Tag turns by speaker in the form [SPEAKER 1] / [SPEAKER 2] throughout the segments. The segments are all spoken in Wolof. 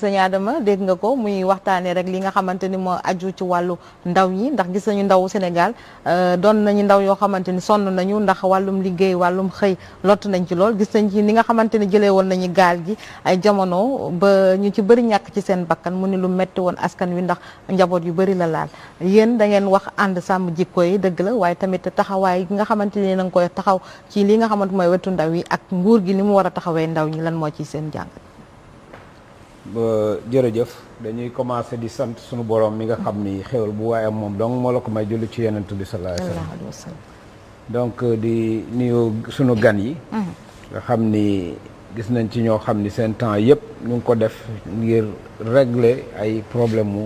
[SPEAKER 1] sëñ Adama dégg nga ko muy waxtaanee rek li nga xamante ni moo aju ci wàllu ndaw ñi ndax gis nañu ndaw Sénégal euh, doon nañu ndaw yoo xamante ni sonn nañu ndax wàllum liggéey wàllum xëy lott nañ ci lool gis nañ ci ni nga xamante ni jëlee woon nañu gaal gi ay jamono ba ñu ci bëri ñàkk ci seen bakkan mu ni lu metti woon askan wi ndax njaboot yu bari la laal yéen da ngeen wax ànd sàmm jikko yi dëgg la waaye tamit taxawaay gi nga xamante ni na nga koy taxaw ci li nga xamante mooy wetu ndaw yi ak nguur gi ni mu war a taxawee ndaw ñi lan moo ci seen jàngat
[SPEAKER 2] jërëjëf dañuy commencé di sant sunu borom mi nga xam ni xéwal bu waaye moom donc moo la ko may julli ci yenent bi sallallahu alayhi wa sallam donc euh, di nuyu sunu gan yi mm-hmm. nga xam ni gis nañ ci ñoo xam ni seen temps yëpp ñu ngi ko def ngir régler ay problème mu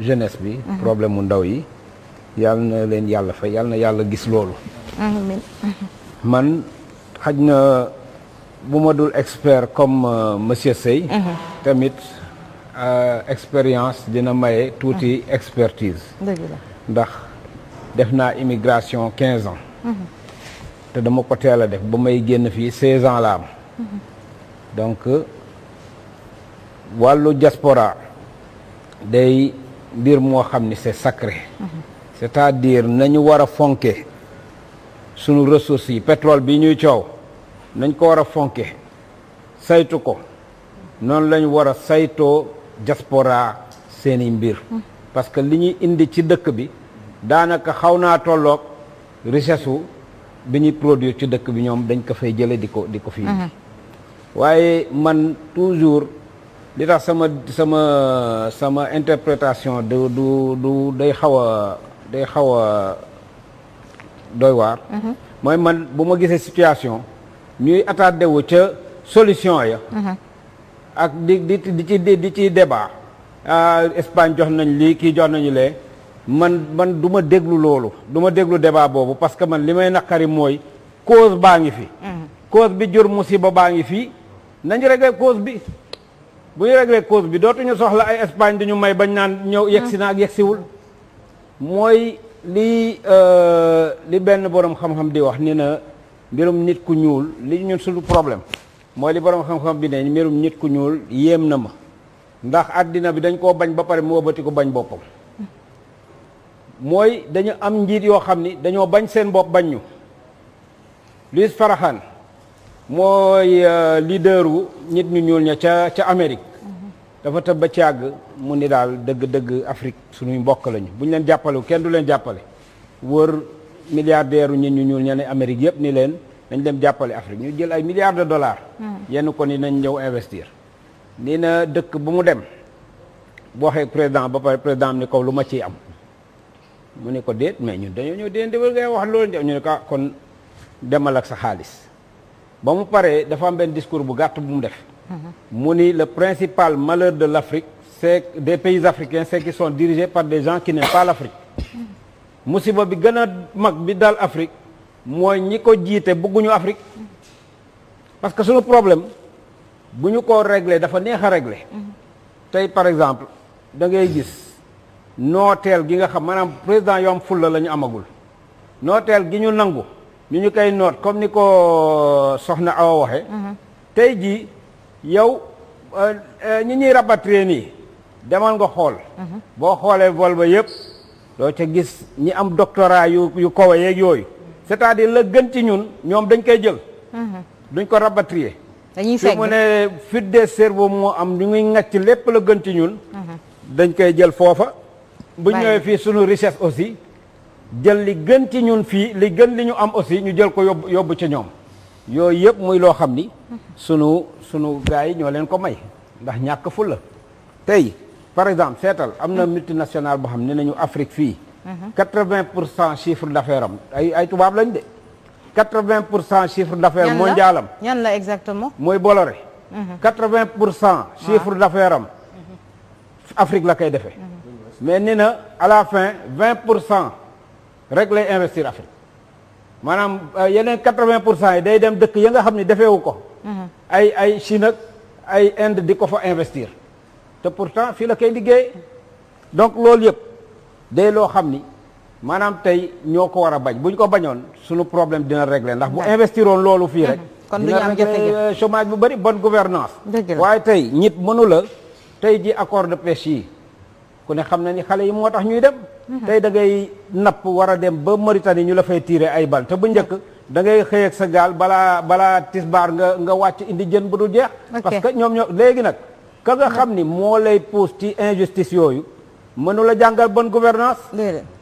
[SPEAKER 2] jeunesse bi mm-hmm. problème mu ndaw yi yàlla na leen yàlla fay yàlla na yàlla gis loolu mm-hmm. man xaj na bu ma dul expert comme euh, monsieur Seye tamit euh, expérience dina maye et ah. expertise ndax defna immigration 15 ans mhm. te dama ko téla def ba may génn fi 16 ans la am mhm. donc euh, walu diaspora day bir mo xamni c'est sacré mhm. c'est-à-dire nañu war a fonke sunu ressources yi pétrole bi ñuy n'a nañ ko wara fonké tout saytu ko noonu lañ war a saytoo diaspora seeni mbir parce que li ñuy indi ci dëkk bi daanaka xaw naa tollook richesse wu bi ñuy produire ci dëkk bi ñoom dañ ko fay jële di ko di ko fi waaye man toujours li tax sama sama sama interprétation du du du day xaw a day xaw a doy waar mm-hmm. mooy man bu ma gisee situation ñuy attardé wu ca solution ya mm-hmm. ak di di di ci di ci débat ah, Espagne jox nañ lii kii jox nañu lee man man du ma déglu loolu du ma déglu débat boobu parce que man li may naqari cause baa fi mm-hmm. cause bi jur musiba baa ngi fii nañu régler cause bi bu ñu régler cause bi dootuñu soxla ay Espagne duñu may bañ naan ñëw mm-hmm. yegsi na ak yegsiwul mooy li euh, li ben borom xam-xam di wax ni na mbirum nit ku ñuul li ñun suñu problème mooy li borom xam-xam bi ne mbirum nit ku ñuul yéem na ma ndax àddina bi dañ koo bañ ba pare mu wëbati ko bañ boppam mooy dañu am njiit yoo xam ni dañoo bañ seen bopp bañ ñu Louis Farrakhan mooy euh, leaderu nit ñu ñuul ña ca ca Amérique dafa tëb ba ci àgg mu ni daal dëgg-dëgg Afrique suñuy mbokk lañu bu leen du leen wër ñu ñuul ne Amérique ni leen nañ dem jàppale Afrique ñu jël ay milliards de dollars. Hmm. yenn kon yi nañ ñëw investir. nee na dëkk bu mu dem boo président ba pare président ni ko luma ci am mu ne ko déet mais ñun dañu ñëw déet déwén ngay wax loolu ñu ne ko ah, kon demal ak sa xaalis ba mu paré dafa am ben discours bu gatt bu mu def. Hmm. mu ni le principal malheur de l'Afrique c'est des pays africains c'est qu'ils sont dirigés par des gens qui n'aiment pas l'Afrique
[SPEAKER 3] hmm.
[SPEAKER 2] musiba bi gëna mag bi dal Afrique. mooy ñi ko jiite bëgguñu Afrique parce que suñu problème bu ñu ko regle dafa neex a régler mm-hmm. tey par exemple da ngay gis nooteel gi nga xam maanaam président yoo am fulla la amagul nooteel gi ñu nangu ñu ñu koy noot comme ni ko euh, soxna Awa waxe mm-hmm. tey jii yow euh, euh, ñi ñuy rapatrier nii demal nga xool mm-hmm. boo xoolee vol ba yëpp doo ca gis ñi am doctorat yu yu kawe yooyu cest à la gën ci ñun ñoom dañ koy jël. Mhm. duñ ko rapatrier. dañuy segg mu ne fuite de cerveau moo am ñu ngi ŋàcc lépp la gën ci ñun. Mhm. dañ koy jël foofa. bu ñëwee fii sunu richesse aussi. jël li gën ci ñun fii li gën li ñu am aussi ñu jël ko yóbbu yobbu ci ñoom. yooyu yëpp muy loo xam ni. Mhm. sunu sunu gars yi ñoo leen ko may. ndax ñàkk fu la. tey par exemple seetal am na multinationale boo xam ne nañu Afrique fii. 80 mhm. chiffre d'affaires Aïe, ay ay tubaab lañ 80 chiffre d'affaires mondial am ñan la exactement. Moi Bolloré. 80 mhm. chiffre ah. d'affaires am. Mhm. Afrique la de fait. mais nina à la fin 20 régler investir rek investir Afrique a euh, yeneen 80 pour cent de qui dem dëkk ya nga xam ne defeewu ko. ay ay Chine aïe ay Inde di fa investir te pourtant fii la koy liggéey donc loolu day loo xam ni maanaam tey ñoo ko war problem bañ bu ñu ko bañoon suñu problème dina réglé ndax bu investiroon loolu fii rek mhm. kon du ñu am euh, jafe chômage bu bëri bonne gouvernance waaye tey ñit mënu la ji accord de pêche yi ku ne xam ni xale yi moo tax ñuy dem mhm. tey da ngay napp war dem ba Mauritanie ñu la fay ay bal te bu njëkk da ngay xëy ak sa gaal balaa balaa tisbaar nga nga wàcc indi jën bu dul jeex parce que ñoo ka nga mhm. lay ci injustice mënu jangal bonne gouvernance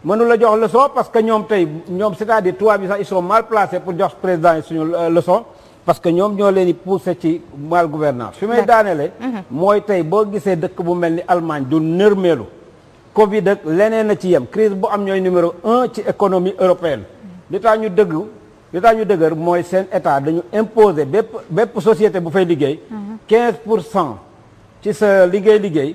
[SPEAKER 2] mënu la jox leçon parce que ñoom tey ñoom c'est-à-dire tubaab yi sax ils sont mal placés pour jox président yi suñu euh, leçon parce que ñoom ñoo leen di poussé ci mal gouvernance fi may daanele mhm. mooy tey boo gisee dëkk bu mel ni Allemagne du nërmeelu Covid ak leneen ci yem crise bu am ñooy numéro un ci économie européenne L'état tax ñu dëgg li tax ñu dëgër mooy seen état dañu imposer bépp bépp société bu fay liggéey 15% mhm. pour cent ci sa liggéey liggéey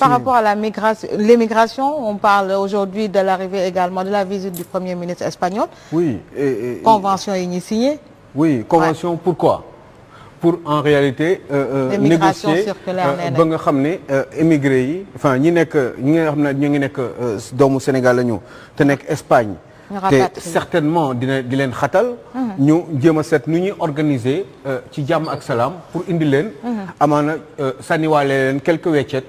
[SPEAKER 4] Par rapport
[SPEAKER 1] à l'immigration, on parle aujourd'hui de l'arrivée également de la visite
[SPEAKER 4] du Premier ministre espagnol. Oui. Et, convention initiée Oui, convention pourquoi pour en réalité euh, euh, négocier euh, émigré enfin ñi sommes ñi Sénégal ñu te Espagne que certainement dina di leen nous mhm. ñu jéem a organiser euh, ci jàmm ak pour indi Amana mhm. amaana euh, sànniwaale leen quelques weccet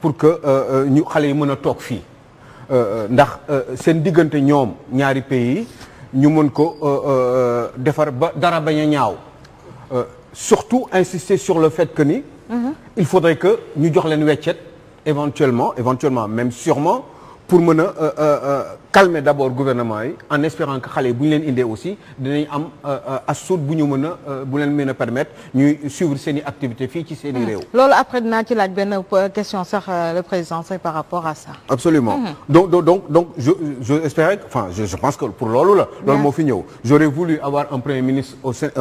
[SPEAKER 4] pour que euh, ñu allions yi mën a toog ndax seen ñaari pays ñu mën ko defar ba dara surtout insister sur le fait que nous mhm. il faudrait que nous jox leen weccet éventuellement éventuellement même sûrement pour euh, euh, euh, calmer d'abord le gouvernement en espérant que les gens aient aussi dinañ am euh, euh, as suut bu ñu mën permettre ñuy suivre ces activités activité fii ci hmm.
[SPEAKER 1] après dinaa ci laaj benn question sax le président par rapport à ça
[SPEAKER 4] absolument hmm. donc donc donc je je enfin je, je pense que pour l'heure là loolu moo j'aurais voulu avoir un premier ministre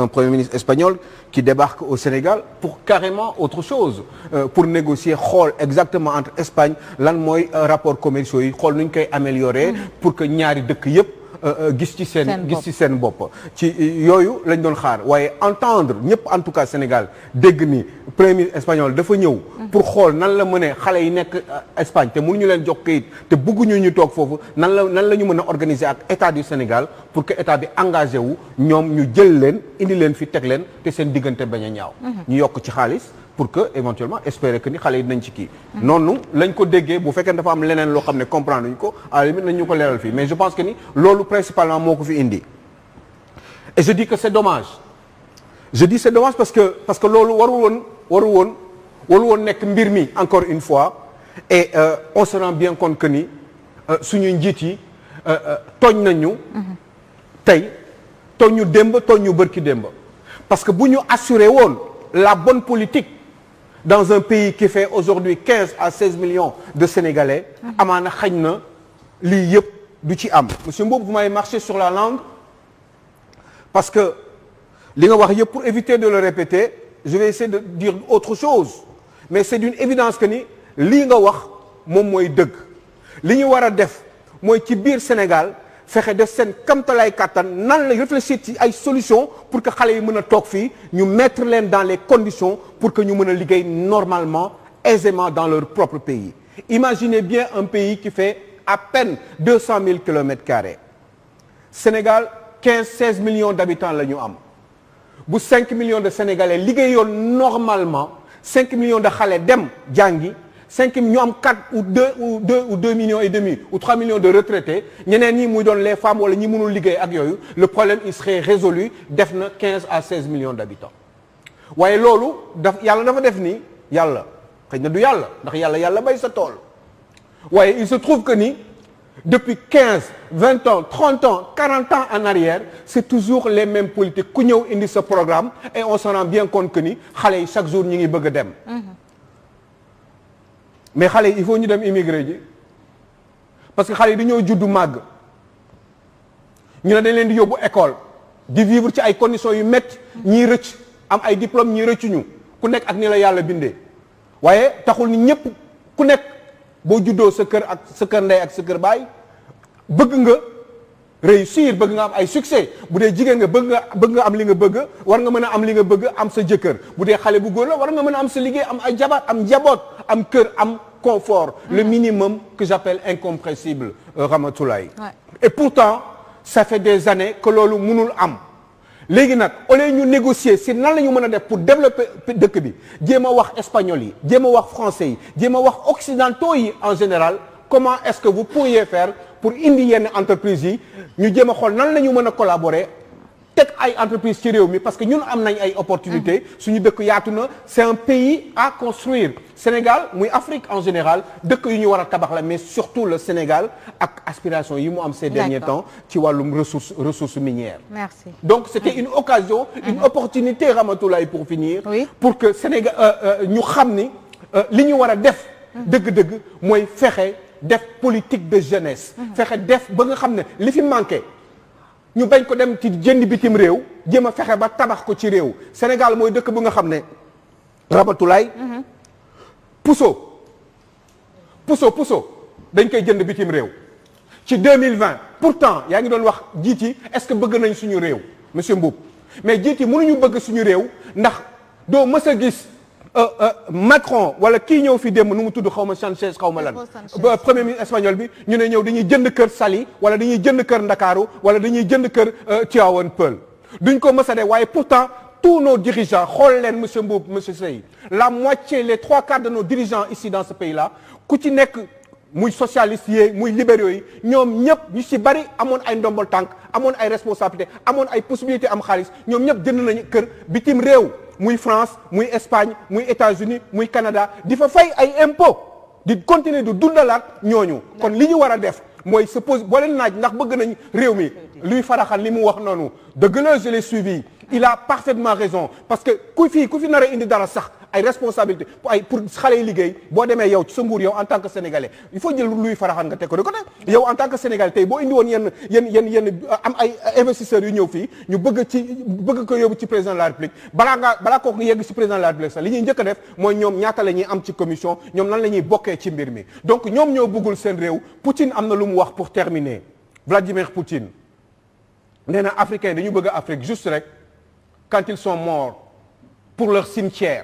[SPEAKER 4] un premier ministre espagnol qui débarque au Sénégal pour carrément autre chose pour négocier xool exactement entre Espagne lan rapport commercial xool nu ñu koy améliorer pour que ñaari dëkk yëpp euh, euh, gis ci seen gis ci seen bopp ci euh, yooyu lañ doon xaar entendre ñëpp en tout cas Sénégal dégg ni premier espagnol dafa ñëw pour xol nan la mëne xalé yi nek Espagne mënu ñu leen jox kayit té bëggu ñu tok fofu nan la nan la ñu mën organiser ak état du Sénégal pour que état bi engagé wu ñom ñu jël leen indi leen fi teg leen té seen digënté baña ñaaw mhm. ñu yok ci xaaliss pour que éventuellement espérer que ni xalé dinañ ci non nous lañ ko déggé bu fekkee dafa am leneen lo xamné ne comprendre ñu ko à limite nañ ñu ko leeral mais je pense que ni lolu principalement moko fi indi et je dis que c'est dommage je dis c'est dommage parce que parce que lolu waru won waru won waru won nek mbir mi encore une fois et euh, on se rend bien compte que ni euh, suñu njiit yi euh, tooñ nañu tay tooñ ñu démb tooñ ñu parce que buñu ñu assurer woon la bonne politique dans un pays qui fait aujourd'hui 15 à 16 millions de Sénégalais amana xagnna du ci am monsieur vous m'avez marché sur la langue parce que pour éviter de le répéter je vais essayer de dire autre chose mais c'est d'une évidence que ni li nga wax mom moy deug Sénégal faire des scènes comme tu réfléchir à une solution pour que les gens puissent mettre les dans les conditions pour que nous puissions travailler normalement, aisément dans leur propre pays. Imaginez bien un pays qui fait à peine 200 000 km. Sénégal, 15-16 millions d'habitants. Si 5 millions de Sénégalais travaillent normalement, 5 millions de se Dem, normalement. 5 millions, 4 ou 2, ou 2 millions et demi ou 3 millions de retraités, les femmes ou les le problème serait résolu 15 à 16 millions d'habitants. Vous voyez, il il se trouve que ni, depuis 15, 20 ans, 30 ans, 40 ans en arrière, c'est toujours les mêmes politiques. ont ce programme et on s'en rend bien compte que ni, chaque jour, nous avons besoin d'aide. mais xale yi il faut ñu dem immigré ji parce que xale yi dañoo juddu màgg ñu ne dañ leen di yóbbu école di vivre ci ay conditions yu métti ñii rëcc am ay diplôme ñii rëccuñu ku nekk ak ni la yàlla bindee waaye taxul ni ñëpp ku nekk boo juddoo sa kër ak sa kër ndey ak sa kër baay bëgg nga réussir bëgg nga am ay succès bu dee jigéen nga bëgg nga bëgg nga am li nga bëgg war nga mën a am li nga bëgg am sa jëkkër bu dee xale bu góor la war nga mën a am sa liggéey am ay am njaboot am kër am confort, le minimum que j'appelle incompressible, euh, Ramatoulaye. Et pourtant, ça fait des années que l'on mënul am. Les nag au négocier si nan la pour développer le pays. jéem espagnol yi français yi occidentaux en général comment est-ce que vous pourriez faire pour Indienne entreprise Nous ñu collaborer c'est ay entreprise ci réew parce que ñun am nañ ay opportunités mm-hmm. suñu dëkk yaatu c'est un pays à construire Sénégal muy Afrique en général de yu ñu wara tabax la mais surtout le Sénégal ak aspiration yi mu am ces derniers temps ci walum ressources ressources minières merci donc c'était mm-hmm. une occasion une mm-hmm. opportunité Ramatoulaye pour finir pour que Sénégal euh, euh, ñu xam ni euh, li ñu wara def politique de jeunesse fexé def ba nga xam ne li ñu bañ ko dem ci jënd bitim réew jëma fexé ba tabax ko ci réew Sénégal moy dëkk bu nga xamné ne rabatulaay mhm. pousso pousso pousso dañ koy jënd bitim réew ci 2020 pourtant ya nga doon wax jiit est-ce que bëgg nañ suñu réew monsieur mbop mais jiit mënu ñu bëgg suñu réew ndax do mësa gis euh, euh, Macron wala kii ñëw fi démb nu mu tudd xaw Sanchez xaw ma lan ba premier ministre espagnol bi ñu ne ñëw dañuy jënd kër Saly wala dañuy jënd kër Ndakaaru wala dañuy jënd kër euh, Tivaouane Peulh duñ ko mës a de waaye pourtant tous nos dirigeants xool leen monsieur Mboup monsieur Seye la moitié les trois quarts de nos dirigeants ici dans ce pays là ku ci nekk muy socialiste muy libéraux yi ñoom ñëpp ñu ci bari amoon ay ndombol tank amoon ay responsabilité amoon ay possibilité am xaliss ñom ñëpp jënd nañu kër bitim réew muy France muy Espagne muy États-Unis muy Canada di fa fay ay impôts. di continuer de dundalaat ñooñu kon li ñu war a def il se pose boo leen naaj ndax bëgg nañ réew mi luy faraxal l'imu mu wax noonu dëgg je l'ai suivi il a parfaitement raison parce que ku fii ku fi nar dans indi dara sax ay responsabilité pour xalé pour bo yi yow sa yow en tant que sénégalais il faut jël luy faraxaan nga teg ko de yow en tant que sénégalais tay bo indi won yenn yenn yenn yenn am ay investisseurs yu ñëw fi ñu bëgg ci bëgg ko yobu ci président de la république nga bala ko kooku yegg ci président de la république sax li ñuy def moy ñom ñaata la ñuy am ci commission ñom lan la ñuy bokkee ci mbir mi donc ñom ñoo bëggul sen réew Poutine amna lu mu wax pour terminer Vladimir Poutine néna Africains africain dañu bëgg Afrique juste rek quand ils sont morts pour leur cimetière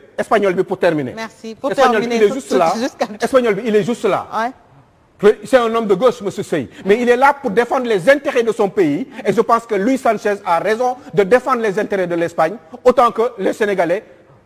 [SPEAKER 4] espagnol pour terminer. Merci.
[SPEAKER 3] Pour terminer, il est juste là.
[SPEAKER 4] Espagnol il est juste là. Ouais. C'est un homme de gauche, monsieur Sey. Mm. Mais il est là pour défendre les intérêts de son pays. Et je pense que Luis Sanchez a raison de défendre les intérêts de l'Espagne, autant que les Sénégalais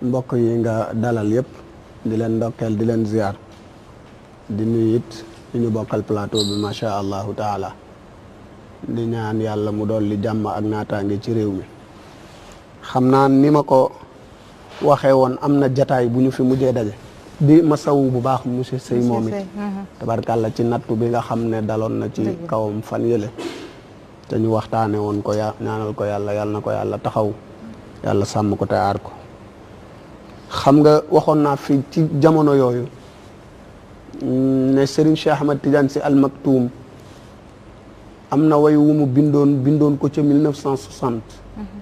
[SPEAKER 5] mbokk yi nga dalal yëpp di leen ndokkeel di leen ziar di nuyu it ñu bokkal plateau bi macha allahu taala di ñaan yàlla mu dolli jàmm ak naataange ci réew mi. xam naa ni ma ko waxee woon am na jataay bu ñu fi mujjee daje. di masawu bu baax monsieur Seye moom it. Uh-huh. tabarkàlla ci nattu bi nga xam ne daloon na ci kawam fan yële. te ñu waxtaanee woon ko ya ñaanal ko yàlla yàlla na ko yàlla taxaw yàlla sàmm ko te aar ko. xam nga waxoon naa fi ci jamono yooyu ne Serigne Cheikh Ahmad Tidiane si Al Maktoum am na way wu bindoon bindoon ko ci 1960. Mm-hmm.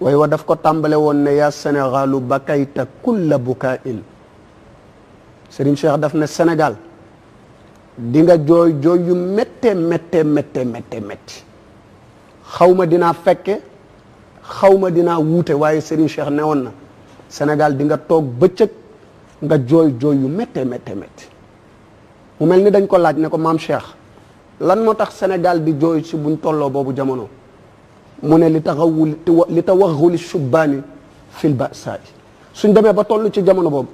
[SPEAKER 5] way wa daf ko tàmbale woon ne yaa Sénégalu bakayta kulla bukaa'in Serigne Cheikh daf ne Sénégal dinga nga jooy jooy yu méttee méttee méttee méttee xaw ma dinaa fekke xaw ma dinaa wuute waaye Serigne Cheikh ne na Sénégal di nga toog bëccëg nga jooy jooy yu méttee méttee métti mu mel ni dañ ko laaj ne ko maam Cheikh lan moo tax Sénégal di jooy si buñ tolloo boobu jamono mu ne li taxawul li wax tawaxuli subbaani fil basa suñ demee ba toll ci jamono boobu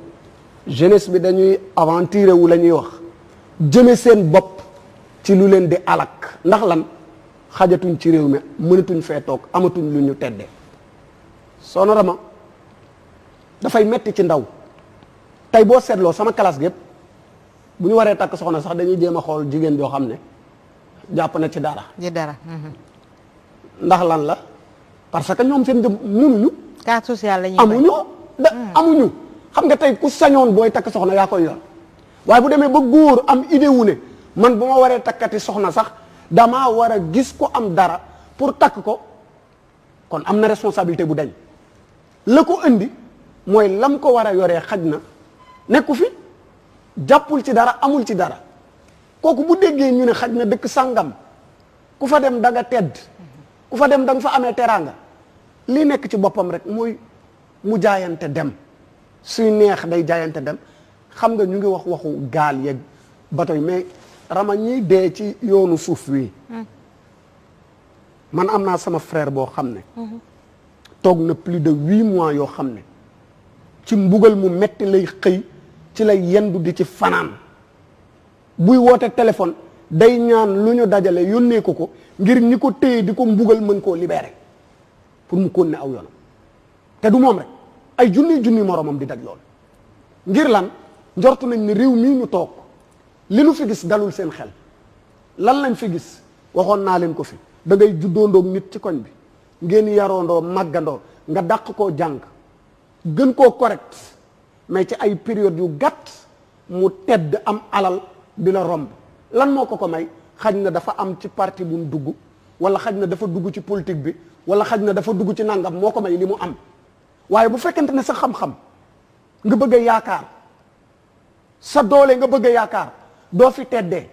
[SPEAKER 5] jeunesse bi dañuy aventuré wu la ñuy wax jëme seen bopp ci lu leen di alak ndax lan xajatuñ ci réew mi mënatuñ fee toog amatuñ lu ñu tedde sono rama dafay metti ci ndaw tey boo seetloo sama classe gépp bu ñu waree takk soxna sax dañuy jéem a xool jigéen joo xam ne jàpp na ci dara
[SPEAKER 1] ji dara mhm.
[SPEAKER 5] ndax lan la parce que ñoom seen jëm mënuñu cas social la ñuy mm. amuñu xam nga tey ku sañoon booy takk soxna yaa koy yor waaye bu demee ba góor am idée wu ne man bu ma waree takkati soxna sax damaa war a gis ko am dara pour takk ko kon am na responsabilité bu dañ la ko indi mooy lam ko war a yoree xaj na nekku fi jàppul ci dara amul ci dara kooku bu déggee ñu ne xaj na dëkk sàngam ku fa dem danga tedd ku fa dem danga fa amee teraanga lii nekk ci boppam rek mooy mu jaayante dem suy neex day jaayante dem xam nga ñu ngi wax waxu gaal yeeg bateau yi mais rama ñiy dee ci yoonu suuf wi mm. man am naa sama frère boo xam ne mm-hmm. toog na plus de huit mois yoo xam ne ci mbugal mu metti lay xëy ci lay yendu di ci fanaan buy woote téléphone day ñaan lu ñu dajale yónnee ko ko ngir ñi ko téye di ko mbugal man koo libéré pour mu kon ne aw yoonam te du moom rek ay junni junni moromam di daj lool ngir lan njortu nañ ne réew mii ñu toog li nu fi gis dalul seen xel lan lañ fi gis waxoon naa leen ko fi da ngay juddoondoog nit ci koñ bi ngeen yaroondoo màggandoo nga dàq koo jàng gën koo correct mais ci ay période yu gàtt mu tedd am alal di la romb lan moo ko ko may xaj na dafa am ci partie bu mu dugg wala xaj na dafa dugg ci politik bi wala xaj na dafa dugg ci nangam moo ko may li mu am waaye bu fekkente ne sa xam-xam nga bëgg yaakaar sa doole nga bëgg yaakaar doo fi teddee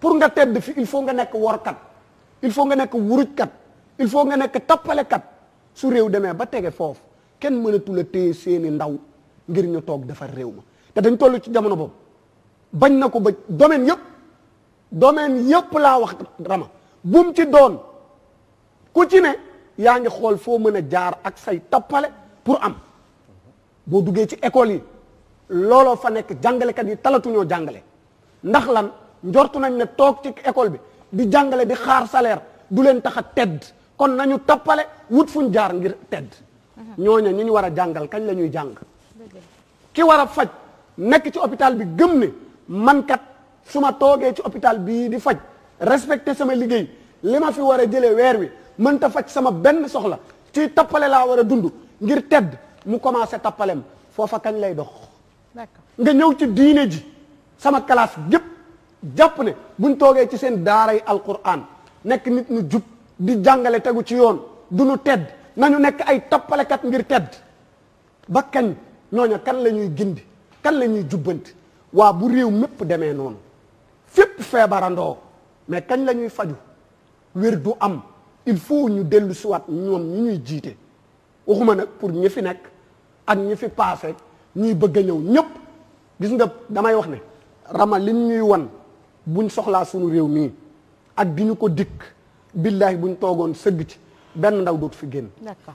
[SPEAKER 5] pour nga tedd fi il faut nga nekk workat il faut nga nekk wurujkat il faut nga nekk tappalekat su réew demee ba tege foofu kenn mënatul a téye seeni ndaw ngir ñu toog defar réew ma te dañ toll ci jamono boobu bañ na ko ba domaine yëpp domaine yëpp laa wax rama bum ci doon ku ci ne yaa ngi xool foo mën a jaar ak say tappale pour am boo duggee ci école yi looloo fa nekk jàngalekat yi talatuñoo jàngale ndax lan njortu nañ ne toog ci école bi di jàngale di xaar salaire du leen tax a tedd kon nañu tappale wut fuñ jaar ngir tedd ñooña ñi ñu war a jàngal kañ la ñuy jàng ki war a faj nekk ci hôpital bi gëm ne man kat su ma toogee ci hôpital bii di faj respecté sama liggéey li ma fi war a jëlee weer wi mën ta faj sama benn soxla ci tappale laa war a dund ngir tedd mu commencé tappalem foofa kañ lay dox nga ñëw ci diine ji sama classe gépp jàpp ne buñ toogee ci seen daara daaray alquran nekk nit ñu jub di jàngale tegu ci yoon du ñu tedd nañu nekk ay tappalekat ngir tedd ba kañ ñooña kan la ñuy gindi kan la ñuy jubbanti waa bu réew mépp demee noonu fépp feebarandoo mais kañ la ñuy faju wér du am il faut ñu dellu siwaat ñoom ñi ñuy jiite waxuma nag pour ñi fi nekk ak ñi fi paase ñuy bëgg a ñëw ñëpp gis nga damay wax ne rama li ñuy wan buñ soxlaa suñu réew mii ak di ñu ko dikk billaahi buñ toogoon sëgg ci benn ndaw dootu fi génn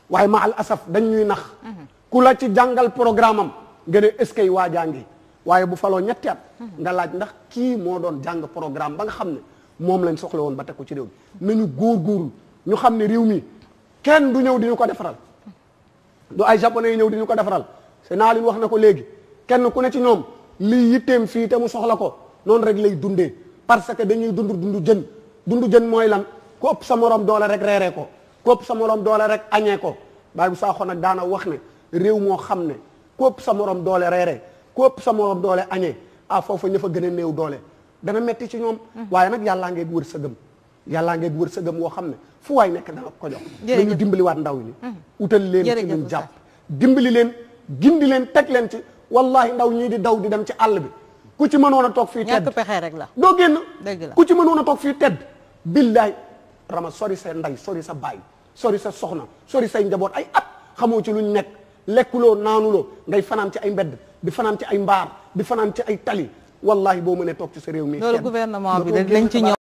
[SPEAKER 5] waaye ma al asaf dañ ñuy nax mhm. ku la ci jàngal programme am nga ne est-ce que waa jàngi waaye bu faloo ñetti at mhm. nga laaj ndax kii moo doon jàng programme ba nga xam ne moom lañ soxla woon ba teg ko ci réew mi nañu góorgóorlu ñu xam ne réew mi kenn du ñëw di ñu ko defaral mhm. du ay japonais yi ñëw di ñu ko defaral c'est naa leen wax na ko léegi kenn ku ne ci ñoom liy yitteem fii te mu soxla ko noonu rek lay dundee parce que dañuy dund dundu jën dund jën mooy lan ku ëpp sa morom doole rek reere ko ku ëpp sa morom doole rek añee ko baay bu saaxoo nag wax ne réew moo xam ne ku ëpp sa morom doole reeree ku ëpp sa morom doole añee ah foofa ña gën néew doole dana metti ci ñoom mm. waaye nag yàllaa ngeen wër sa gëm yàllaa ngeen wër sa gëm woo xam ne fu waay nekk dana ko jox dañu dimbaliwaat ndaw ñi mm. utal leen ci ñu jàpp dimbali leen gindi leen teg leen ci wallahi ndaw ñii di daw di dem ci àll bi ku ci mënoon a toog fii tedd ñàkk pexe rek la doo génn dëgg la ku ci mënoon a toog fii tedd billaay rama sori sa ndey sori sa baay sori sa soxna sori say njaboot ay at xamoo ci luñ nekk lekkuloo naanuloo ngay fanaan ci ay mbedd di fanaan ci ay mbaar di fanaan ci ay tali wallahi boo mënee toog ci sa réew mi loolu gouvernement bi lañ ci ñëw